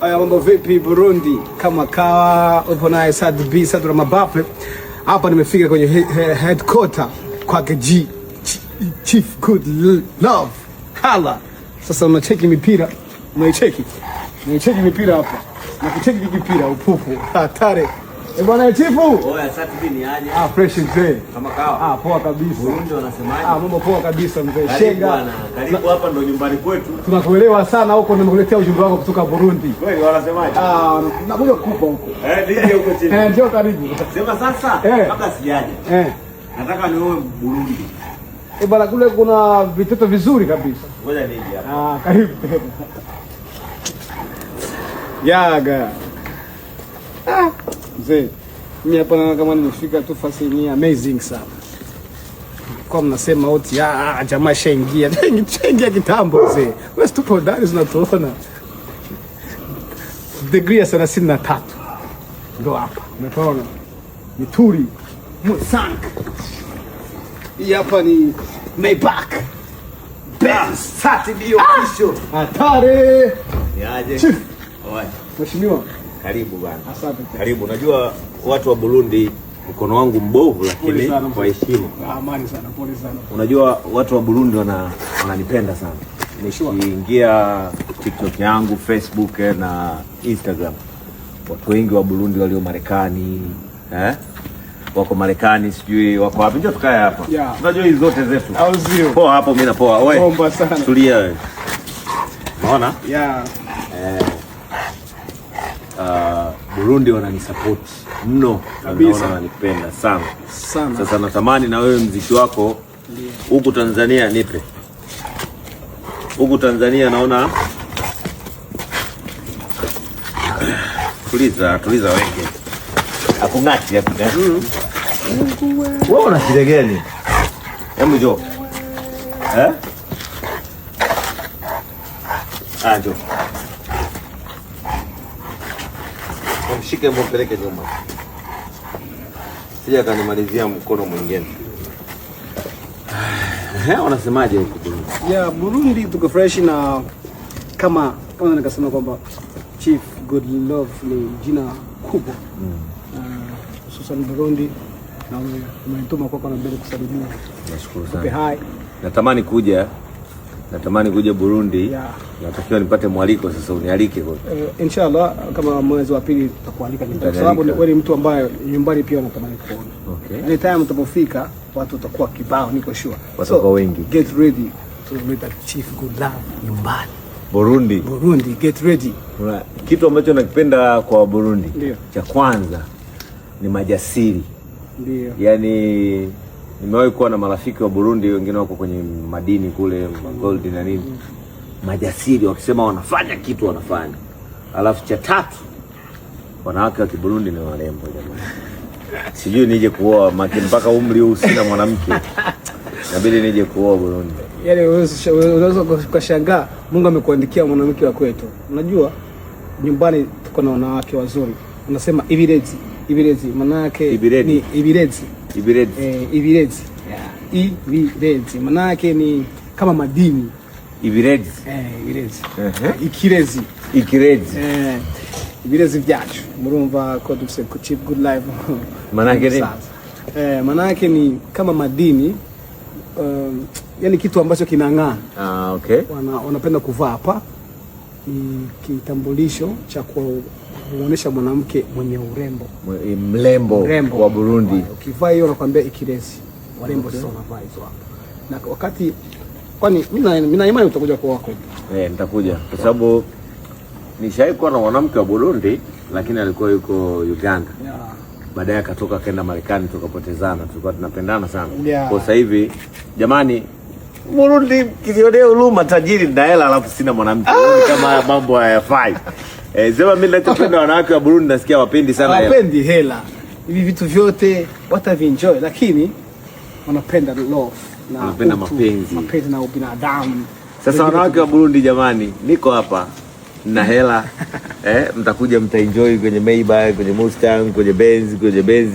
Haya, mambo vipi Burundi? Kama kawa upo naye Sad B Sad na mabape hapa. Nimefika kwenye he, he, headquarter kwa KG Chief Good Love hala. Sasa unacheki mipira, unaicheki unaicheki mipira hapa na kucheki mipira upupu hatari. Eh, bwana chifu. Oya, aje. Ah, fresh mzee. Kama kawa. Ah, poa kabisa. Burundi wanasemaje? Ah, mambo poa kabisa mzee. Shenga. Bwana, karibu hapa ndo nyumbani kwetu. Tunakuelewa sana huko nimekuletea ujumbe wako kutoka Burundi. Kweli wanasemaje? Ah, nakuja kukupa huko. Eh, nije huko chini. Eh, ndio karibu. Sema sasa, eh. kabla sijaje. Eh. Nataka niwe Burundi. Eh, bwana kule kuna vitoto vizuri kabisa. Ngoja nije hapa. Ah, karibu. Yaga. Ah, mzee mimi hapa kama nimefika tu fasi ni amazing sana. Kwa mnasema wote ah, ah, ah, jamaa shaingia, shaingia kitambo mzee. Wewe tupo ndani tunatuona. Degree ya thelathini na tatu ndo hapa umepaona, mituri Mustang, hii hapa ni Maybach Benz, sati ndio official ah! hatari. Yaje mheshimiwa karibu bana, karibu. Najua watu wa Burundi mkono wangu mbovu, lakini kwa heshima. Ah, amani sana, pole sana. Unajua watu wa Burundi wana wananipenda sana. Nikiingia TikTok yangu, Facebook eh, na Instagram, watu wengi wa Burundi walio Marekani eh? wako Marekani, sijui wako wapi. Njoo tukae hapa, unajua hizi zote zetu. Poa hapo, mimi napoa. Wewe tulia wewe, unaona yeah. eh Uh, Burundi wananisapoti mno, naona wananipenda sana sana. Sasa natamani na wewe mziki wako huku Tanzania nipe huku Tanzania, naona tuliza tuliza, wengi akungati eh? mm-hmm. wewe una shida gani? Hebu njoo eh, ah njoo mshike mpeleke nyuma, sija kanimalizia mkono mwingine. Wanasemaje huko Burundi? Yeah, Burundi tuko fresh na kama kama nikasema kwamba Chief Godlove ni jina kubwa mm. uh, hususan Burundi, na umenituma kwa na mbele kusalimia. Nashukuru sana. Natamani kuja natamani kuja Burundi yeah. Natakiwa nipate mwaliko sasa, unialike kwa eh, inshallah kama mwezi wa pili tutakualika, kwa sababu wewe ni mtu ambaye nyumbani pia unatamani kuona. Okay, yani time utapofika watu watakuwa kibao, niko sure watakuwa so, wengi. Get ready to meet the Chief Godlove nyumbani Burundi. Burundi, get ready. Una kitu ambacho nakipenda kwa Burundi, cha kwanza ni majasiri, ndio yani nimewahi kuwa na marafiki wa Burundi, wengine wako kwenye madini kule magoldi na nini, majasiri wakisema wanafanya kitu wanafanya. Alafu cha tatu, wanawake wa Kiburundi ni warembo jamani, sijui nije kuoa makini, mpaka umri huu sina mwanamke, inabidi nije kuoa Burundi. Yaani unaweza ukashangaa Mungu amekuandikia mwanamke wa kwetu. Unajua nyumbani tuko na wanawake wazuri, unasema ibirezi, ibirezi manake ni ibirezi ibiredzi Eh, ibiredzi Yeah. Ibirezi. Manake ni kama madini. ibiredzi Eh, ibiredzi Uh -huh. Ikirezi. Ikirezi. Eh, ibiredzi vyacu. Murumva ko dufite ku Chief Good Life. Manake ni eh, manake ni kama madini um, yani kitu ambacho kinang'aa. Ah, okay. Wana, wanapenda kuvaa hapa ni kitambulisho cha huonesha mwanamke mwenye urembo eh, mrembo wa Burundi. Ukivaa hiyo nakwambia ikilezi warembo okay. Sasa unavaa hizo hapo na wakati, kwani mimi na imani utakuja kwa wako eh, nitakuja kwa sababu nishaikuwa na mwanamke wa Burundi lakini alikuwa yuko Uganda yeah. Baadaye akatoka akaenda Marekani, tukapotezana, tulikuwa tunapendana sana yeah. Kwa sasa hivi jamani, Burundi kilionea huruma, tajiri na hela, alafu sina mwanamke ah. Kama mambo hayafai Eh, sema mimi ninachopenda wanawake wa Burundi nasikia wapendi sana hela. Wapendi hela. Hivi vitu vyote watavinjoy lakini wanapenda love na wanapenda mapenzi. Mapenzi na ubinadamu. Sasa wanawake wa Burundi jamani, niko hapa na hela eh, mtakuja mtaenjoy kwenye Maybach, kwenye Mustang, kwenye Benz, kwenye Benz.